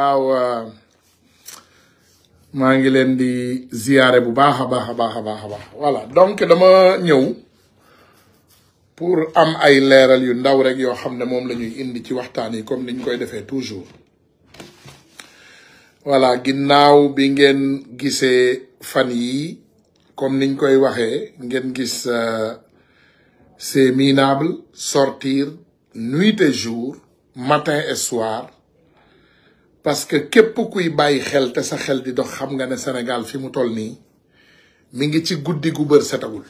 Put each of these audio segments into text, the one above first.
waaw uh, maa ngi leen di ziyaare bu baax a baax a baax a baax a baax voilà donc dama ñëw pour am ay leeral yu ndaw rek yoo xam ne moom la ñuy indi ci waxtaan yi comme niñ koy defee toujours voilà ginnaaw bi ngeen gisee fan yi comme niñ koy waxee ngeen gis uh, c'est minable sortir nuit et jour matin et parce que képp kuy bàyyi xel te sa xel di dox xam nga ne Sénégal fi mu toll nii mi ngi ci guddi gu bër setagul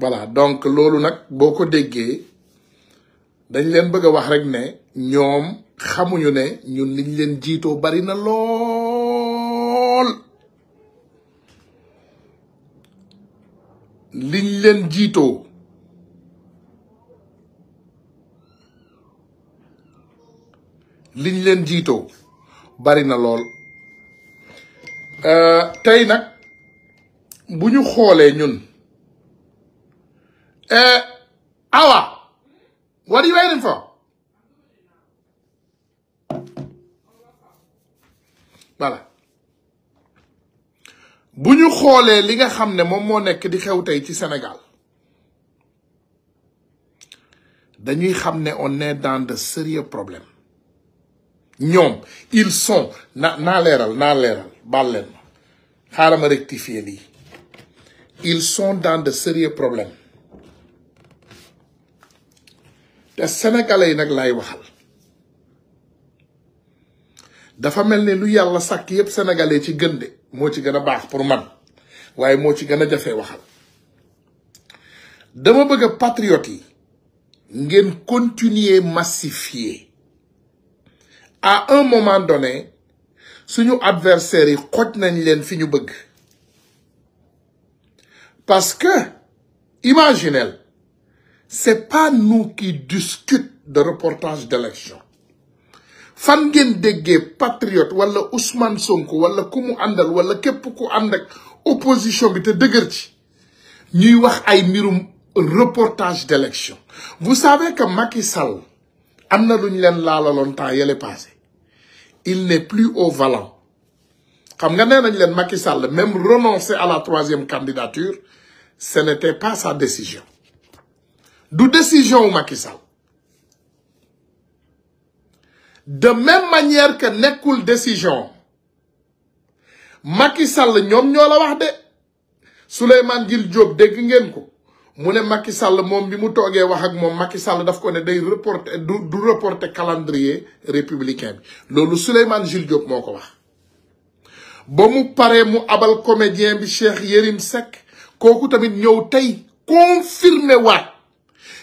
voilà donc loolu nag boo ko déggee dañ leen bëgg wax rek ne ñoom xamuñu ne ñun liñ leen jiitoo bari na lool liñ leen jiitoo liñ leen jiitoo bari na lool euh, tey nag bu ñu xoolee ñun euh, awa what are you waiting bu ñu xoolee li nga xam ne moom moo nekk di xew tey ci Sénégal dañuy xam ne on est dans de sérieux problèmes ils sont na na na rectifier ils sont dans de sérieux problèmes Des sénégalais nak lay waxal lu sénégalais ci gëndé de qui ci pour man waye mo ci gëna jafé waxal dama bëgg patriote continuer massifier à un moment donné suñu adversaires yi xoj nañ leen fi ñu bëgg parce que imaginez c'est pas nous qui discutons de reportage d'élection fan ngeen déggee patriote wala usman Sonko wala ku mu àndal wala képp ku ànd ak opposition bi te dëgër ci ñuy wax ay mbirum reportage d'élection vous savez que Macky Sall amna na len passé il n'est plus au valant xam nga nenañ len Macky Sall même renoncer à la troisième candidature ce n'était pas sa décision du décision Macky Sall de même manière que nekul décision Macky Sall ñom ñola la wax de Souleymane Gil Diop dégg ngeen ko mu ne Macky sàll moom bi mu toogee wax ak moom Macky Sall daf ko ne day reporter du du reporter calendrier républicain bi loolu Souleymane Jules Diop moo ko wax. ba mu paree mu abal comédien bi Cheikh Yérim Seck kooku tamit ñëw tey confirmer waat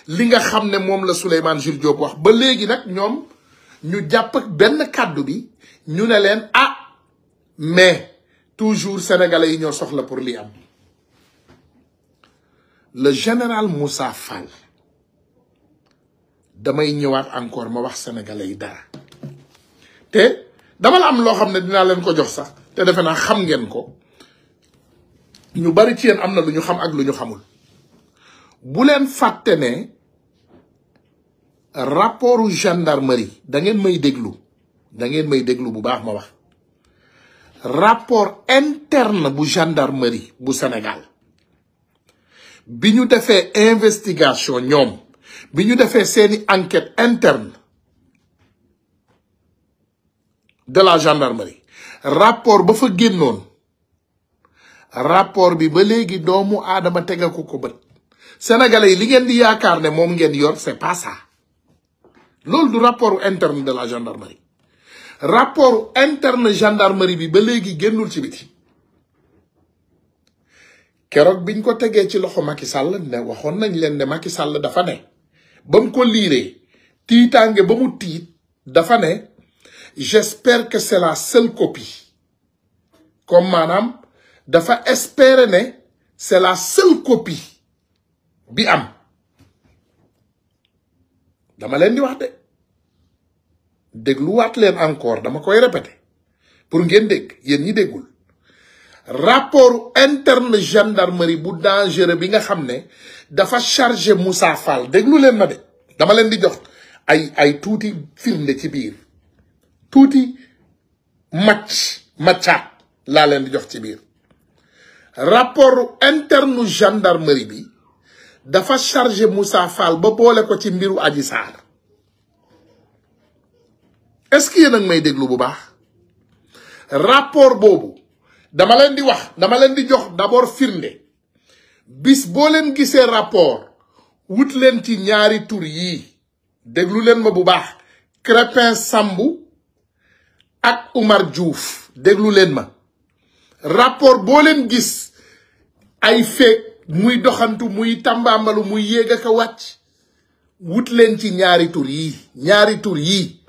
li nga xam ne moom la Souleymane Jules Diop wax ba léegi nag ñoom ñu jàpp benn kàddu bi ñu ne leen ah mais toujours sénégalais yi ñoo soxla pour li am. le général Moussa Fall damay ñëwaat encore ma wax sénégalais yi dara te dama la am loo xam ne dinaa leen ko jox sax te defe naa xam ngeen ko ñu bari ci yéen am na lu ñu xam ak lu ñu xamul bu leen fàtte ne rapportu gendarmerie da ngeen may déglu da ngeen may déglu bu baax ma wax rapport interne bu gendarmerie bu Sénégal bi ñu defee investigation ñoom bi ñu defee seeni enquête interne de la gendarmerie rapport ba fa génnoon rapport bi ba léegi doomu aadama tegaku ko ko bët sénégalais yi li ngeen di yaakaar ne moom ngeen yor c'est pas ça loolu du rapport interne de la gendarmerie rapport interne gendarmerie bi ba léegi génnul ci biti keroog biñ ko tegee ci loxo Macky Sall ne waxoon nañ leen ne Macky Sall dafa ne ba mu ko liiree tiitaange ba mu tiit dafa ne j'espère que c'est la seule copie comme maanaam dafa espérer ne c'est la seule copie bi am dama leen di wax de dégluwaat leen encore dama koy répéter pour ngeen dégg yéen ñi déggul rapport interne gendarmerie bu dangereux bi nga xam ne dafa chargé Moussa Fall déglu leen ma de dama leen di jox ay ay tuuti firnde ci biir tuuti match matchaat laa leen di jox ci biir rapport interne gendarmerie bi dafa chargé Moussa ba boole ko ci mbiru Adji Sarr est-ce que may déglu bu baax rapport boobu dama leen di wax dama leen di jox d'abord firnde bis boo leen gisee rapport wut leen ci ñaari tur yii déglu leen ma bu baax Crépin Sambou ak Oumar juuf déglu leen ma rapport boo leen gis ay feeg muy doxantu muy tàmbaambalu muy yéeg ak a wàcc wut leen ci ñaari tur yii ñaari tur yii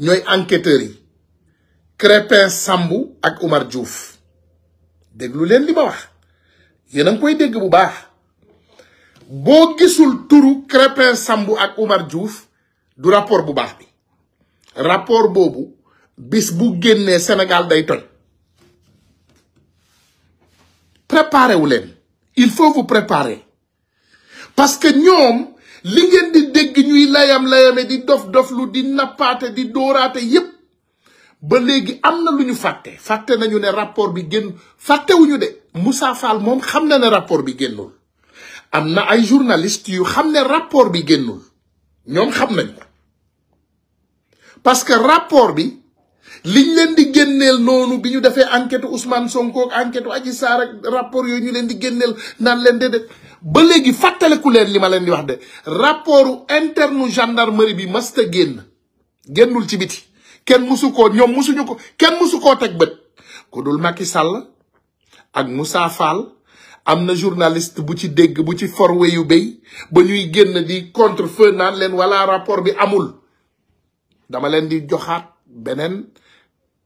ñooy enquêteurs yi Crépin Sambou ak Oumar Diouf déglu len li ma wax koy dégg bu baax le gisul turu Crépin Sambou ak Oumar Diouf du rapport bu rapport bobu. bis bu Sénégal day toj préparé il faut vous préparer parce que ñoom li ngeen di dégg ñuy layam layame di dof dof lu di di ba léegi am na lu ñu fàtte fàtte nañu ne rapport bi génn fàttewuñu de Moussa faal moom xam na ne rapport bi génnul am na ay journaliste yu xam ne rapport bi génnul ñoom xam nañu parce que rapport bi liñ leen di génneel noonu bi ñu defee enquête Ousmane Sonko ak enquête Adji Sarr rapport yooyu ñu leen di génneel naan leen déedéet ba léegi fàttaleku leen li ma leen di wax de rapportu interne gendarmerie bi masta génn génnul ci biti ken musu ko musu ñu ko ken musu ko tek bet ko dul Macky Sall ak Moussa Fall amna journaliste bu ci deg bu ci forwe yu bey ba ñuy genn di contre feu nan len wala rapport bi amul dama len di joxat benen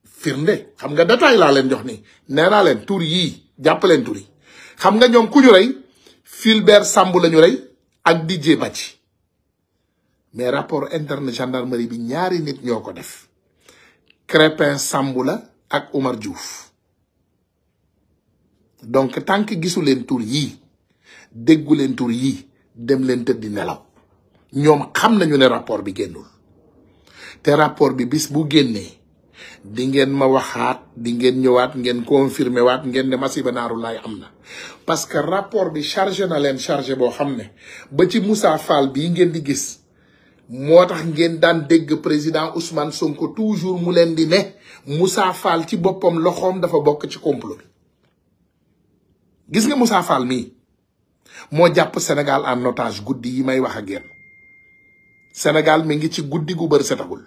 firnde xam nga détail la len jox ni neena len tour yi japp len tour yi xam nga ñom ku ñu ray Fulbert Sambou lañu ray ak DJ Badji mais rapport interne gendarmerie bi ñaari nit ñoko def Crépin Sambou la ak Omar Diouf donc tant que gisu leen tur yii déggu leen tur yii dem leen tëddi nelaw ñoom xam nañu ne rapport bi génnul te rapport bi bis bu génnee di ngeen ma waxaat di ngeen ñëwaat ngeen confirmer waat ngeen ne masiba naaru laay am na parce que rapport bi chargé na leen chargé boo xam ne ba ci Moussa Fall bii ngeen di gis moo tax ngeen daan dégg président Ousmane Sonko toujours mu leen di ne Moussa Fall ci boppam loxoom dafa bokk ci complot gis nga Moussa Fall mii moo jàpp Sénégal en notage guddi yi may wax ak yéen Sénégal mi ngi ci guddi gu bër setagul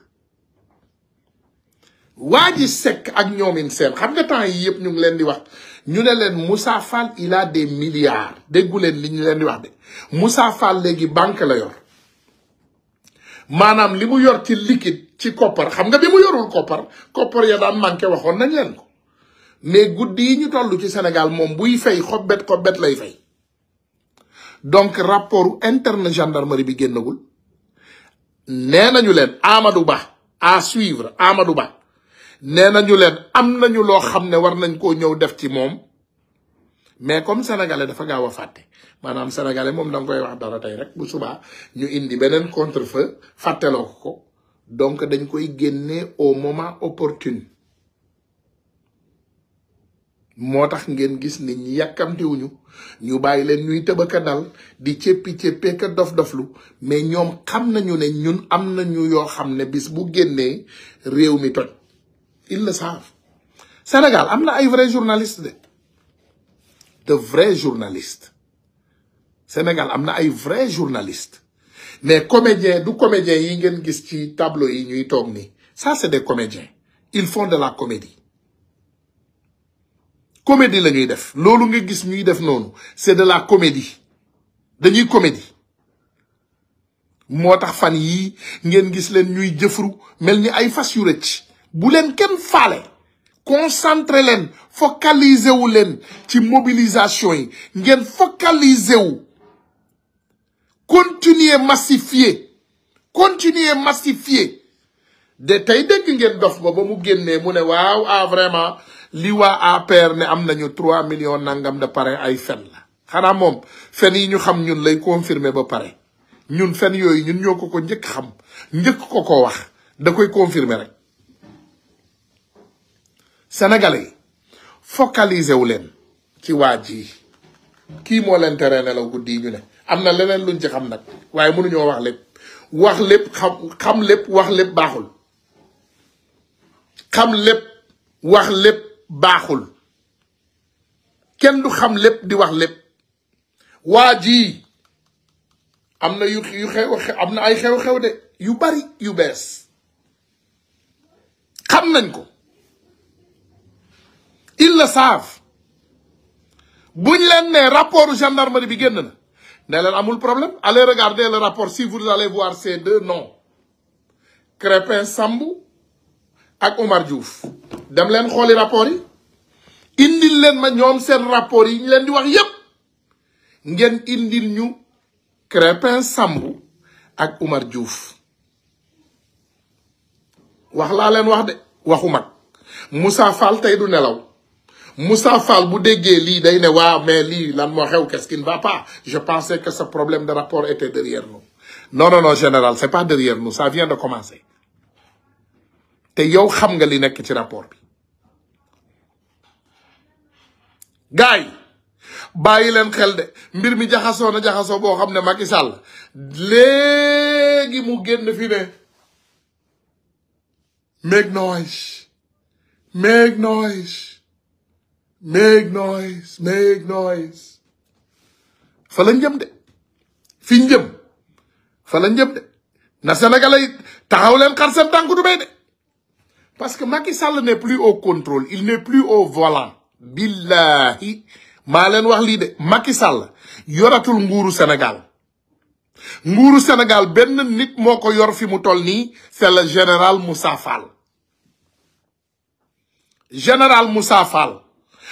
waa ji sekk ak ñoomin seen xam nga temps yi yëpp ñu ngi leen di wax ñu ne leen Moussa Fall il a des milliards déggu leen li ñu leen di wax de Moussa Fall léegi banque la yor maanaam li mu yor ci liquide ci koppar xam nga bi mu yorul koppar koppar ya daan manqué waxoon nañ leen ko mais guddi yi ñu toll ci Sénégal moom buy fay xobbet xobbet lay fay donc rapport interne gendarmerie bi génnagul nee nañu leen Amadou Ba à suivre Amadou Ba nee nañu leen am nañu loo xam ne war nañ koo ñëw def ci moom mais comme sénégalais dafa gawa faté manam sénégalais mom dang koy wax dara tay rek bu suba ñu indi benen contrefeu faté loko donc dañ koy génnee au moment opportun motax ngeen gis ni ñi wuñu ñu bayi leen ñuy tëbaka dal di céppi ka dof doflu mais ñom xam nañu ne ñun am nañu yo xamne bis bu génnee réew mi toj ils le savent Sénégal amna ay vrais journalistes de vrais journalistes Sénégal y a des vrais journalistes mais les comédiens, comédiens yi qui ci tableau yi ça c'est des comédiens ils font de la comédie comédie la def nga c'est de la comédie dañuy comédie moo fan gens concentrez les focalisez les les ci mobilisation ngène vous focaliser continuez continuer massifier continuer massifier de tey dof bobu mu ah vraiment li a APR ne am nañu 3 millions nangam de pare ay fen la xana mom fen yi ñu xam ñun lay confirmer ba ñun ñun ko xam ko ko sénégalais yi focaliser wu leen ci waa ji kii moo leen tere nelaw guddi ñu ne am na leneen luñ ci xam nag waaye mënuñoo wax lépp wax lépp xam xam lépp wax lépp baaxul xam lépp wax lépp baaxul kenn du xam lépp di wax lépp waa ji am na yu am na ay xew-xew de yu bari yu bees xam nañ ko ils le savent buñ leen ne rapport gendarmerie bi génn na ne leen amul problème allez regarder le rapport si vous allez voir ces deux noms Crépin Sambou ak Omar Diouf dem leen xooli rapport yi indil leen ma ñoom seen rapport yi ñu leen di wax yépp ngeen indil ñu Crépin Sambou ak Omar Diouf wax laa leen wax de waxu mag Moussa Fall tey du nelaw Moussa Fall bu li, lii day ne wa, mais li, lan qu'est-ce qui ne va pas je pensais que ce problème de rapport était derrière nous non non non général c'est pas derrière nous ça vient de commencer T'es yow xam nga li nek ci rapport bi gars yi bàyyi xel de mbir mi na Macky Sall Légui mu fi ne noise noise make noise make noise fa lañ jëm de fiñ jëm fa lañ jëm de na sénégalais taxaw leen xar seen tànk du bay de parce que Macky Sall n'est plus au contrôle il n'est plus au volant billahi ma leen wax li de Macky Sall yoratul nguru Sénégal nguru Sénégal ben nit moko yor fi mu toll ni c'est le général Moussa Fall général Moussa Fall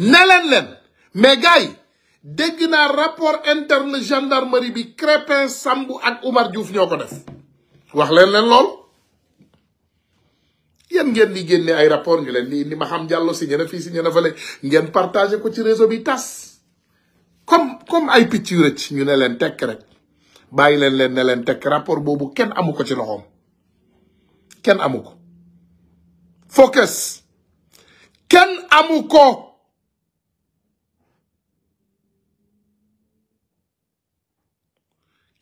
ne leen leen mais gars yi dégg naa rapport interne gendarmerie bi Crépin sambu ak Oumar Diouf ñoo ko def wax leen leen lool yéen ngeen di génne ay rapport ñu leen ni ni ma xam jàllo si ñene fii si ñene fële ngeen partagé ko ci réseau bi tas comme comme ay picc yu ñu ne leen tekk rek bàyyi leen leen ne leen tek rapport boobu kenn amu ko ci loxoom kenn amu ko focus kenn amu ko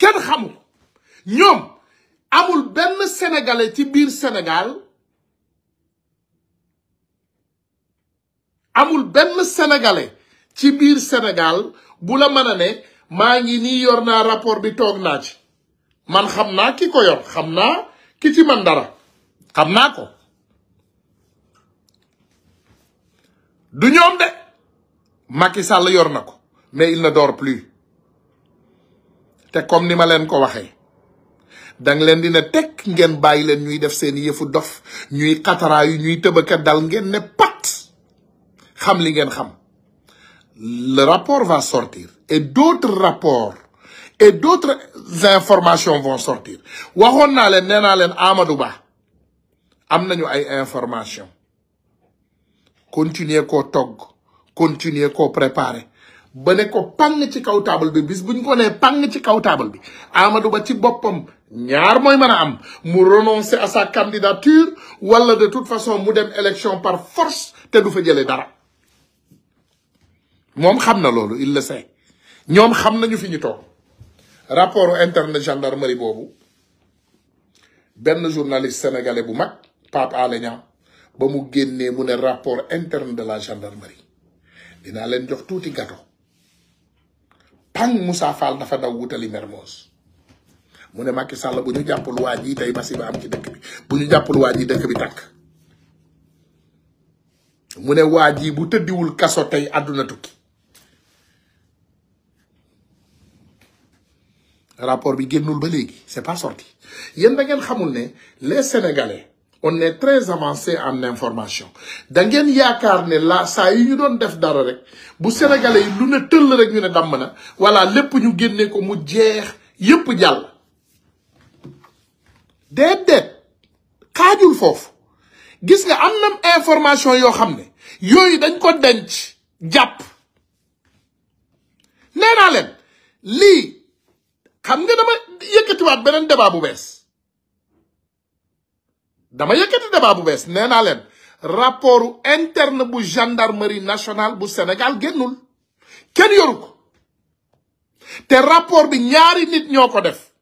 kenn xamu ñoom amul benn sénégalais ci biir Sénégal amul benn sénégalais ci biir Sénégal bula la mën a ne maa ngi nii yor naa rapport bi toog naa man xam naa ki ko yor xam naa ki ci man dara xam naa ko du ñoom de Macky Sall yor na ko mais il ne dort plus té comme ni ma leen ko waxé dang len dina tek ngén bàyyi len ñuy def seen yefu dof ñuy yu ñuy tëbaka dal ngén ne pat xam li ngén xam le rapport va sortir et d'autres rapports et d'autres informations vont sortir waxon na leen néna len Amadou Ba amna ñu ay information continuer ko togg continuer ko préparer ba ne ko pang ci kaw taabal bi bis buñ ko nee pang ci kaw taabal bi Amadou Ba ci boppam ñaar mooy mën a am mu renoncer à sa candidature wala de toute façon mu dem élection par force te du fa jëlee dara moom xam na loolu il le sait ñoom xam nañu fi ñu toog rapport interne gendarmerie boobu benn journaliste sénégalais bu mag Pape Alé Niang ba mu génnee mu ne rapport interne de la gendarmerie dinaa leen jox tuuti gâteau kañ Moussa dafa daw wutali Mermoz mu ne Macky Sall bu ñu jàppul waa ji tey masiba am ci dëkk bi bu ñu jàppul waa ji dëkk bi tàkk mu ne waa ji bu tëddiwul kaso tey àdduna tukki rapport bi génnul ba léegi c'est pas sorti yéen da xamul ne les sénégalais on est très avancé en information da ngeen yaakaar ne la saa yi ñu doon def dara rek bu sénégalais yi lu ne tëll rek ñu ne damm na voilà lépp ñu génnee ko mu jeex yépp jàll déedéet xaajul foofu gis nga am na information yoo xam ne yooyu dañ ko denc jàpp nee naa leen lii xam nga dama yëkkatiwaat beneen débat bu bees dama yëkëti débat bu bees nee naa leen rapport interne bu gendarmerie nationale bu Sénégal génnul kenn yoru ko te rapport bi ñaari nit ñoko def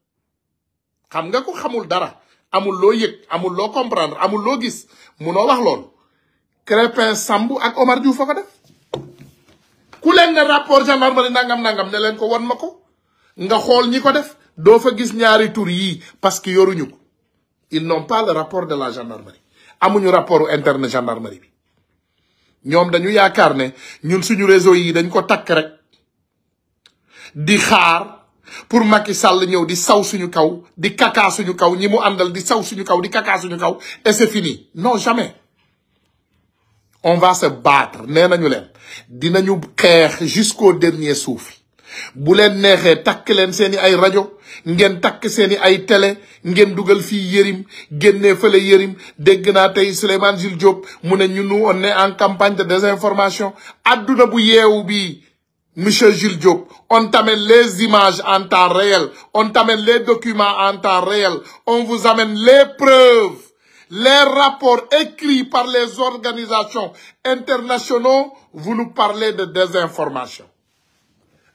xam nga ko xamul dara amul lo yëk amul lo comprendre amul lo gis mëno wax lool Crépin sambu ak Omar Diouf fa ko def ku leen né rapport gendarmerie nangam nangam né leen ko won mako nga xol ñi def do fa gis ñaari tour yi parce que yoruñu ko ils n'ont pas le rapport de la gendarmerie amuñu rapport interne gendarmerie bi dañu ne ñun suñu réseau yi dañ ko di pour Macky Sall di saw suñu kaw di suñu kaw mu di saw kaw di et c'est fini non jamais on va se battre jusqu'au dernier souffle bu leen neexee takk leen ay radio ngén Tak Seni ay télé ngén dugal fi Yérim génné fële Yérim dégg naa tey Souleymane Jules Diop mu ñu on est en campagne de désinformation aduna bu yéwu bi monsieur Gil Diop on t'amène les images en temps réel on t'amène les documents en temps réel on vous amène les preuves les rapports écrits par les organisations internationaux vous nous parlez de désinformation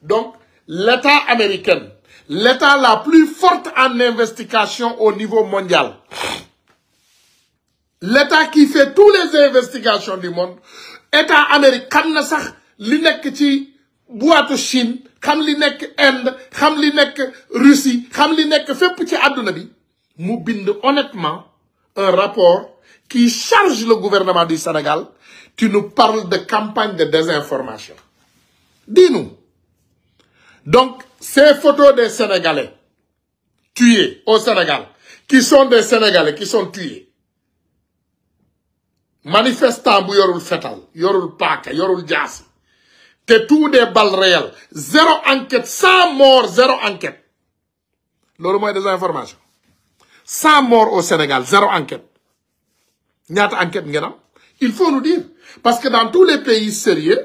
donc, l'État américain, l'État la plus forte en investigation au niveau mondial, l'État qui fait toutes les investigations du monde, État américain, comme na boîte Chine comme li Inde Russie comme li honnêtement un rapport qui charge le gouvernement du Sénégal tu nous parles de campagne de désinformation dis-nous donc, ces photos des Sénégalais tués au Sénégal, qui sont des Sénégalais qui sont tués, manifestant bu yorul fetal yorul paaka yorul jaasi que tout des balles réelles zéro enquête 100 morts zéro enquête loolu mooy des informations 100 morts au Sénégal zéro enquête ñaata enquête ngeen il faut nous dire parce que dans tous les pays sérieux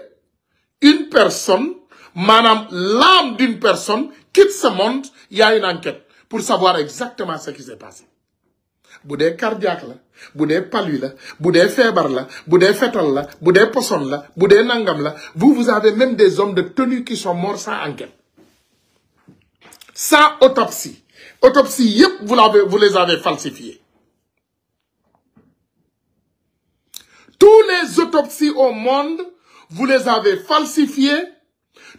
une personne Madame, l'âme d'une personne quitte ce monde, il y a une enquête pour savoir exactement ce qui s'est passé. Vous cardiaque cardiaques palu la là là, vous vous avez même des hommes de tenue qui sont morts sans enquête sans autopsie autopsie vous les avez falsifiés tous les autopsies au monde vous les avez falsifiées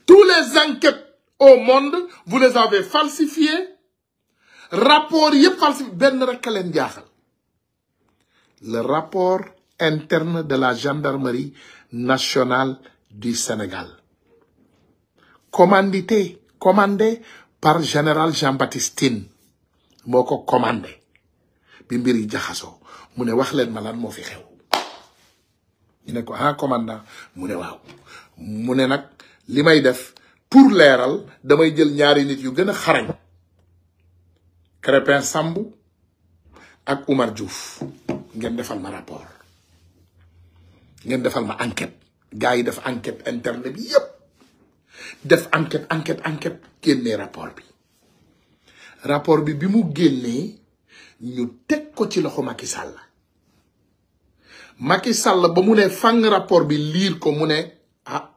tous les enquêtes au monde, vous les avez falsifiées. Rapport yëpp falsifié Le rapport interne de la gendarmerie nationale du Sénégal. Commandité, commandé par général Jean-Baptiste Tine je commandé bi mbir yi jaxasoo Je ne wax leen ma lan fi xew ah, commandant ne waaw mu li may def pour leeral damay jël ñaari nit yu gën a xarañ Crépin Samb ak Oumar Diouf ngeen defal ma rapport ngeen defal ma enquête gaa yi def enquête internet bi yépp def enquête enquête enquête génnee rapport bi rapport bi bi mu génnee ñu teg ko ci loxo Macky Sall Macky Sall ba mu ne fang rapport bi liir ko mu ne ah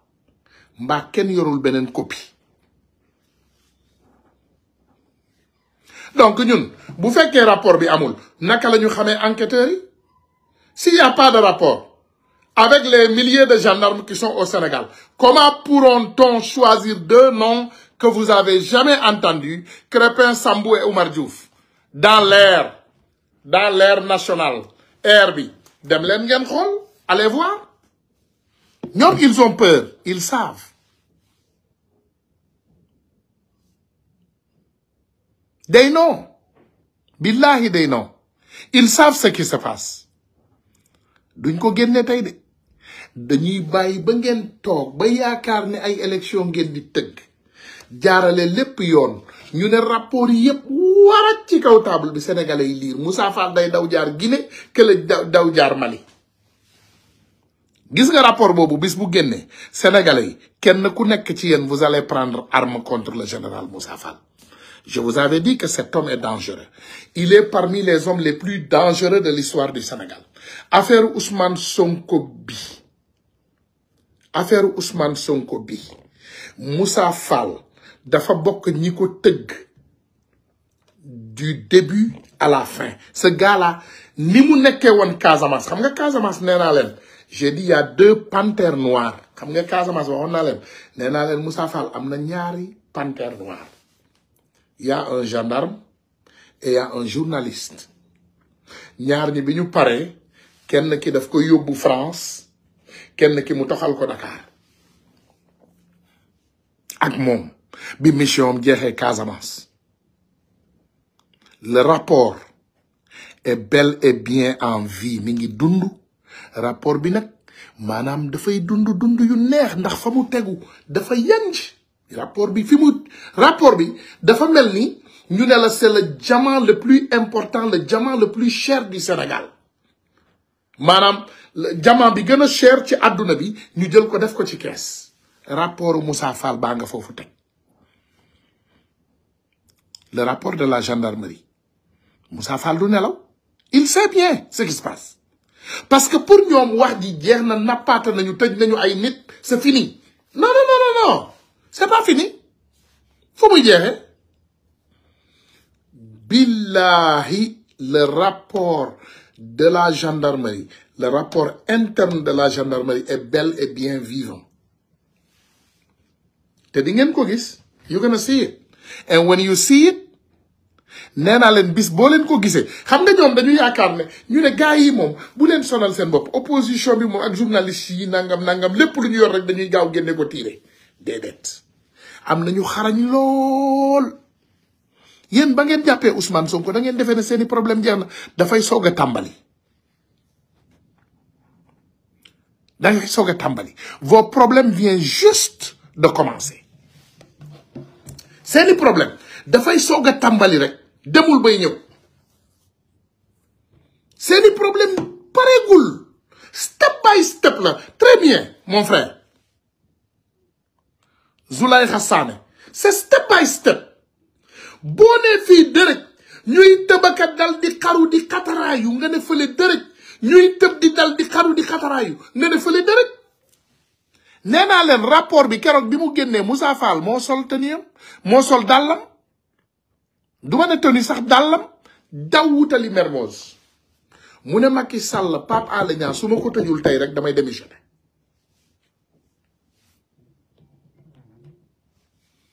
mba ken yorul benen copie donc vous faites un rapport bi amul naka ñu s'il n'y a pas de rapport avec les milliers de gendarmes qui sont au Sénégal comment pourront-on choisir deux noms que vous avez jamais entendus Crépin Sambou et Oumar Diouf dans l'air dans l'air national air bi dem allez voir ils ont peur ils savent They Billahi Ils savent ce qui se passe. duñ ko génne tay de dañuy bàyyi ba ngeen toog ba ay élection ngeen di teug. jaarale lépp yoon ñu né rapport yi les ci kaw table bi sénégalais yi Moussa Fall day daw jaar daw jaar Mali gis nga rapport bobu bis bu sénégalais kenn ku nekk ci vous allez prendre arme contre le général Moussa Fall je vous avais dit que cet homme est dangereux. Il est parmi les hommes les plus dangereux de l'histoire du Sénégal. Affaire Ousmane Sonkobi. Affaire Ousmane Sonkobi. Moussa Fall. Dafa Bok Niko Du début à la fin. Ce gars-là, ni mu neke Kazamas. xam nga le j'ai dit il y a deux panthères noires xam nga Casamance waxoon naa leen Panther Moussa Fall panthères il y a un gendarme et il y a un journaliste ñaar ni biñu paré kenn ki daf ko yóbbu France kenn ki mu toxal ko Dakar ak mom bi mission am Casamance le rapport est bel et bien en vie mi ngi rapport bi Manam da fay dund dund yu neex ndax famu da fay yanj rapport bi fi rapport bi dafa melni ñu la c'est le diamant le plus important le diamant le plus cher du Sénégal le diamant bi gëna cher ci aduna bi ñu jël ko def ko ci caisse rapport Moussa Fall ba nga fofu le rapport de la gendarmerie Moussa Fall du nelaw il sait bien ce qui se passe parce que pour ñom wax di jeex na de nañu tej nañu ay nit c'est fini non non non non non c'est pas fini faut vous dise. Hein. billahi le rapport de la gendarmerie le rapport interne de la gendarmerie est bel et bien vivant te ko you're gonna see it and when you see it nee voir. bis voir. len ko voir. xam nga ñom dañu ne ñu ne yi bu sonal sen opposition bi ak journaliste yi nangam nangam lepp lu yor rek dañuy ko déedéet am nañu xarañ lool yeen ba ngeen jappé Ousmane Sonko da ngeen defee né seeni problème jeex da fay soga tambali tàmbali dafay soog a vos problèmes viennent juste de commencer seeni problème da fay soga tambali rek demul bay ñëw seeni problème goul step by step la très bien mon frère Zulaykha Sané c'est step by step boo nee fii dërëj ñuy tëb aka dal di xaru di xataraayu nga ne fële dërëj ñuy tëb di dal di xaru di xataraayu nga ne fële dërëj nee naa leen rapport bi keroog bi mu génnee Moussa Fall moo sol teniyam moo sol dàllam du ma ne teni sax dàllam daw wutali Mermoz mu ne Macky Sall Pape Alé Niang su ma ko tëjul tey rek damay démissionné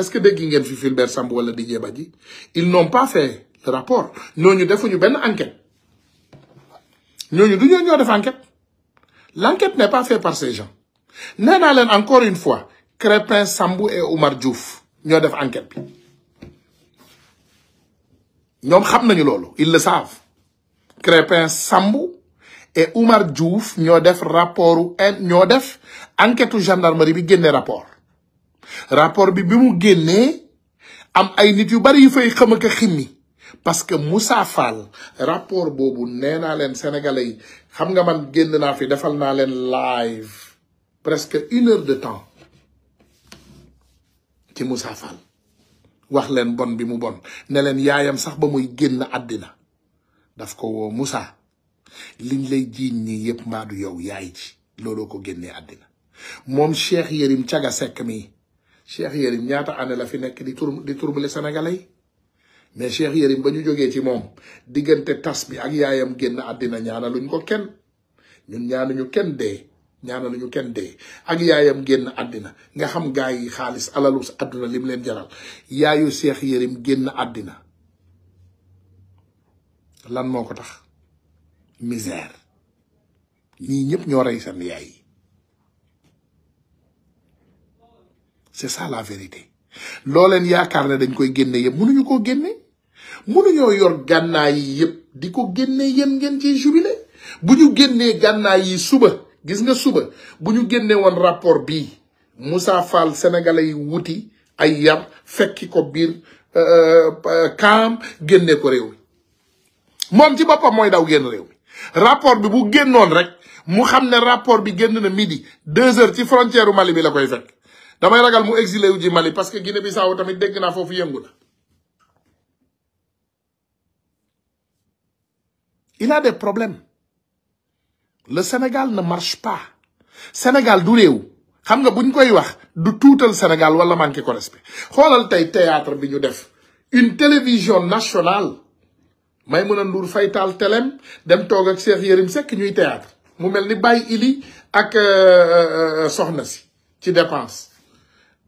est-ce que de ngeen fi Sambou wala Didier Badi, ils n'ont pas fait le rapport Nous, avons fait une enquête nous, nous avons ñoo une enquête l'enquête n'est pas faite par ces gens Nous, naa encore une fois Crépin Sambou et Oumar Diouf ñoo def enquête Nous savons. xam ils le savent Crépin Sambou et Oumar Diouf ñoo def rapport ñoo def enquête gendarmerie bi génne rapport rapport bi bi mu génnee am ay nit yu bari yu fay xam ak a ximmi parce que Moussa Fall rapport boobu nee naa leen sénégalais yi xam nga man génn naa fi defal naa leen live presque une heure de temps ci Moussa Fall wax leen bon bi mu bon ne leen yaayam sax ba muy génn àddina daf ko woo Moussa liñ lay jiiñ ñi yëpp du yow yaay ji looloo ko génnee àddina moom Cheikh Yérim Caga sekk mi cheikh yérim ñaata ané la fi nek di tour di turbale sénégalais mais cheikh yérim bañu joggé ci mom digënté tas bi ak yaayam génn ñaana luñ ko kenn ñun ñu kenn dee luñu kenn dé ak yaayam génn adina nga xam gaay yi xaaliss alalu aduna lim leen jaral yaayu cheikh yérim génn adina lan moko tax misère ñii ñëpp ñoo ray yaay c'est ça la vérité L'olen leen yaakaar ne dañ koy génne yëpp mënuñu koo génne mënuñoo yor ganna yi yëpp Diko ko yéen ngeen ci jubilé buñu ñu ganna yi suba gis nga suba buñu ñu won rapport bi, Moussa Fall sénégalais wuti ay yar fekki ko euh kaam euh, génne ko rew mi moom ci bopam daw mi rapport bi bu rek mu xamné rapport bi génn na midi deux heures ci frontière u Mali bi la koy fekk damay ragal mu exilé wu ji Mali parce que Guinée Bissau tamit dégg naa foofu yëngu na. il a des problèmes le Sénégal ne marche pas Sénégal dou rew xam nga buñ koy wax du toutal Sénégal wala manki ko respect xoolal tay théâtre biñu def une télévision nationale may Maïmouna Ndour Faye taal telem dem toog ak Cheikh Yérim Seck ñuy théâtre mu melni Baye Ili ak euh, euh, euh, soxna ci dépenses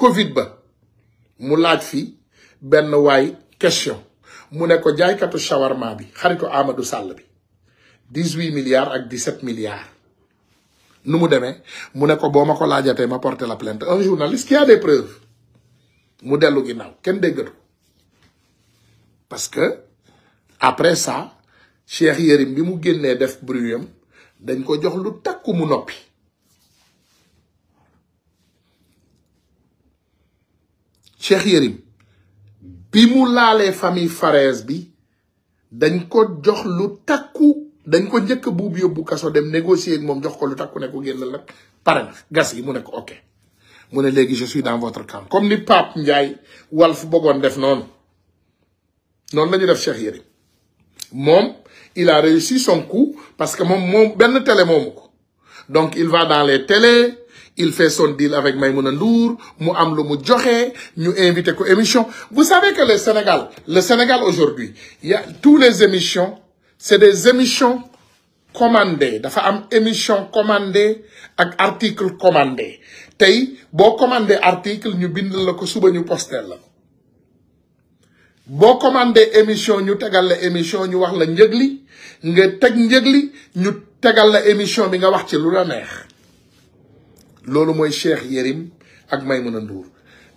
Covid ba mu laaj fi ben waay question mu ne ko jaaykatu shawarma bi xaritu Amadou Sall bi 18 milliards ak 17 milliards nu mu demee mu ne ko boma ma ko laajatee ma porter la plainte un journaliste qui a des preuves mu dellu ginnaaw ken déggatu parce que après ça Cheikh Yérim bi mu génnee def bruit dañ ko jox lu takku mu noppi Cheikh Yérim bi mu laalee famille Fares bi dañ ko jox lu takku dañ ko ñëk buubu yóbbu kasso dem négocier ak moom jox ko lu takku ne ko génnal la paré gas yi mu ne ko ok mu ne légui je suis dans votre camp comme ni Pape Ndiaye Walf bëggoon def non non lañu def Cheikh mom il a réussi son coup parce que mom ben benn télé momuko donc il va dans les télés il fait son deal avec Maïmouna Ndour mu am lu mu joxé ñu invité ko émission vous savez que le Sénégal le Sénégal aujourd'hui il y a tous les émissions c'est des émissions commandées dafa am émission commandée ak article commandé tay bo commandé article ñu bind la ko suba ñu postel la bo commandé émission ñu tegal la émission ñu wax la njëgli nga nous ñu tegal la émission bi nga wax loolu mooy Cheikh Yérim ak may a Ndour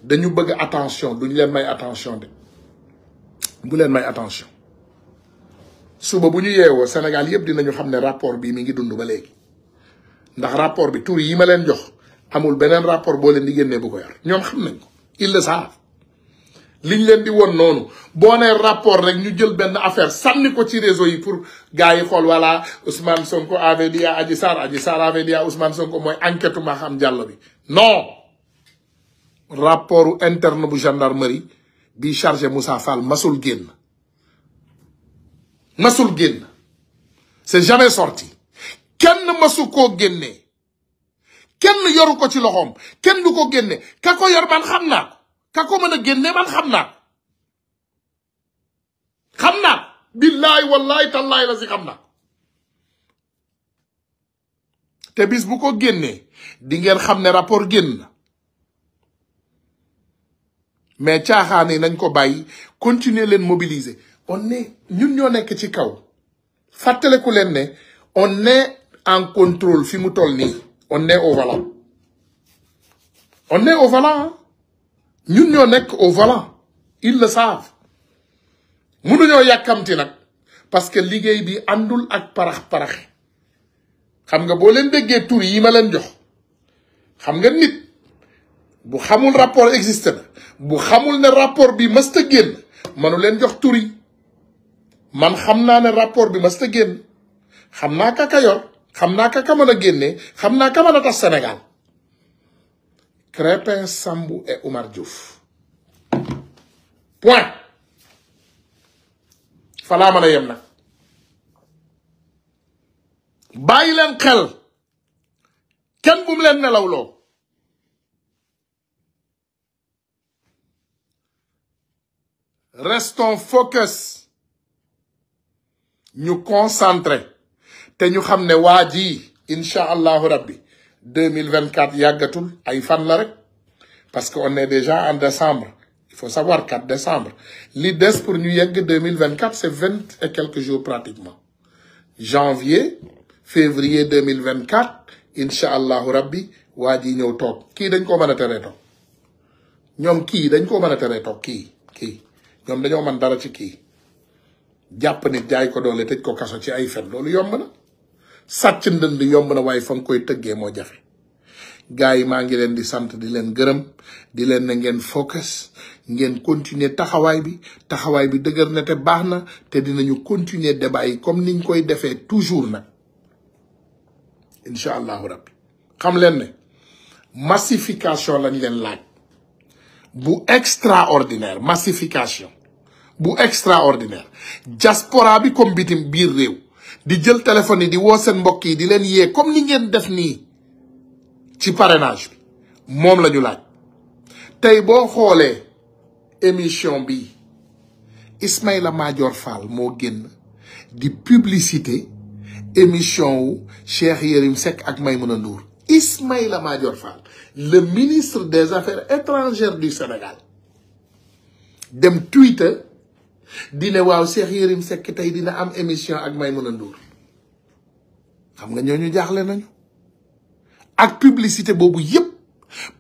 dañu bëgg attention duñu leen may attention de bu leen may attention suba bu ñu yeewoo Sénégal yëpp dinañu xam ne rapport bi mi ngi dund ba léegi ndax rapport bi tur yi ma leen jox amul beneen rapport boo leen di génnee bu ko yar ñoom xam nañ ko ils le liñ leen di won noonu rapport rek ñu jël benn affaire sànni ko ci réseau yi pour gars Ousmane Sonko avait dit à Adji Ousmane Sonko mooy enquête ma xam non rapport interne bu gendarmerie bi chargé Moussa Fall masul c'est jamais sorti kenn masu genne Quel kenn yoru ko ci loxoom kenn du ko génne ka ko mën a génne man xam naa xam naa billaay wallaay tallaay la si xam na te bis bu ko génnee dingeen xam ne rapport génn na mais caaxaane nañ ko bàyyi continuer leen mobiliser on ñun ñoo nekk ci kaw fàttaleku leen ne on est en contrôle fi mu toll nii on est au ñun ñoo nekk au volant ils le savent mënuñoo yàkkamti nag parce que liggéey bi àndul ak parax-parax xam nga boo leen déggee tur yi ma leen jox xam nga nit bu xamul rapport existé na bu xamul ne rapport bi mës ta génn manu leen jox tur man xam naa ne rapport bi mës ta génn xam naa kaka yor xam naa kaka mën a génnee xam naa ka mën Sénégal Crépin Sambou et Omar Diouf point falaa mën a yem leen xel kenn bu mu leen nelawloo restons focus ñu concentré te ñu xam ne waa ji incha allahu rabbi 2024 yagatul ay fan la rek parce qu'on est déjà en décembre il faut savoir 4 décembre l'idée pour ñu yegg 2024 c'est 20 et quelques jours pratiquement janvier février 2024 inshallah allahu rabbi Qui Qui? ñëw qui dañ ko Qui téré Qui? ñom ki dañ ko mën a Qui? ki qui ñom dañu man dara ci qui japp nit jaay ko doole tej ko kasso ci ay fen lolu yomb na sàcc ndënd yomb na waaye fa nga koy tëggee moo jafe gars yi maa ngi leen di sant di leen gërëm di leen na ngeen focus ngeen continuer taxawaay bi taxawaay bi dëgër na te baax na te dinañu continuer débat yi comme niñ koy defee toujours nag incha allahu rabbi xam leen ne massification lañ leen laaj bu extraordinaire massification bu extraordinaire diaspora bi comme bitim biir réew di jël téléphone di wo sen mbokk di len yé comme ni ngeen def ni ci parrainage bi moom la laaj tey émission bi Ismaïla Madior Fall mo di publicité émission wu Cheikh Yérim ak Maymouna Ismaïla Madior Fall le ministre des affaires étrangères du Sénégal dem Twitter di ne waaw Cheikh Yérim sekk tey dina am émission ak may Maïmouna Ndour xam nga ñoo ñu jaaxle nañu ak publicité boobu yëpp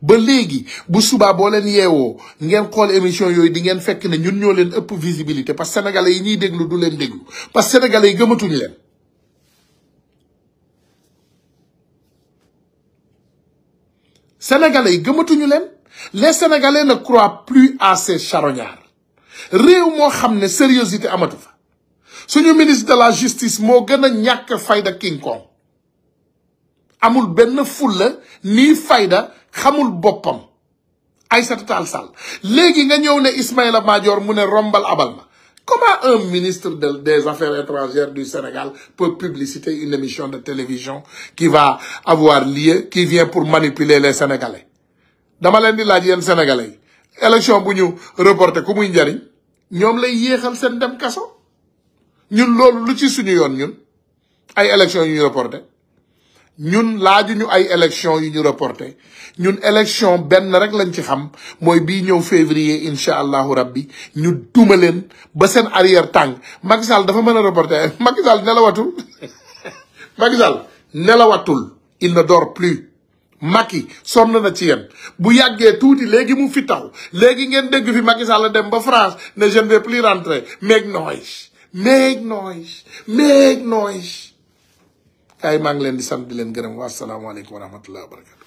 ba léegi bu subaa boo leen yeewoo ngeen xool émission yooyu di ngeen fekk ne ñun ñoo leen ëpp visibilité parce que yi ñuy déglu du leen déglu parce que sénégalais yi gëmatuñu leen. sénégalais yi gëmatuñu leen les sénégalais na croient plus à ces charognards. Rien moo xam ne sérieuxité amatu fa suñu ministre de la justice moo gën a un fayda king kong amul benn fulla nii fayda xamul boppam Aïssata Tall sal. léegi nga ñëw ne Ismaïla Madior mu ne rombal abal comment un ministre des affaires étrangères du Sénégal peut publiciter une émission de télévision qui va avoir lieu qui vient pour manipuler les Sénégalais dama leen di laaj Sénégalais élection bu reporter. ku muy ñoom lay yéexal seen dem kaso ñun loolu lu ci suñu yoon ñun ay élection yu ñu reporté ñun ñu ay élection yu ñu reporté ñun élection benn rek lañ ci xam mooy bii ñëw février incha allahu rabbi ñu duma leen ba seen arrière tàng Macky Sall dafa mën a reporté Macky Sall nelawatul Macky Sall nelawatul il ne dort plus Macky sonn na ci yéen bu yàggee tuuti léegi mu fi taw léegi ngeen dégg fi Macky Sall dem ba France ne je ne vais plus rentrer make noise make noise make noise kaay maa ngi leen di sant leen gërëm wa salaamu aleykum wa rahmatullahi wa barakatu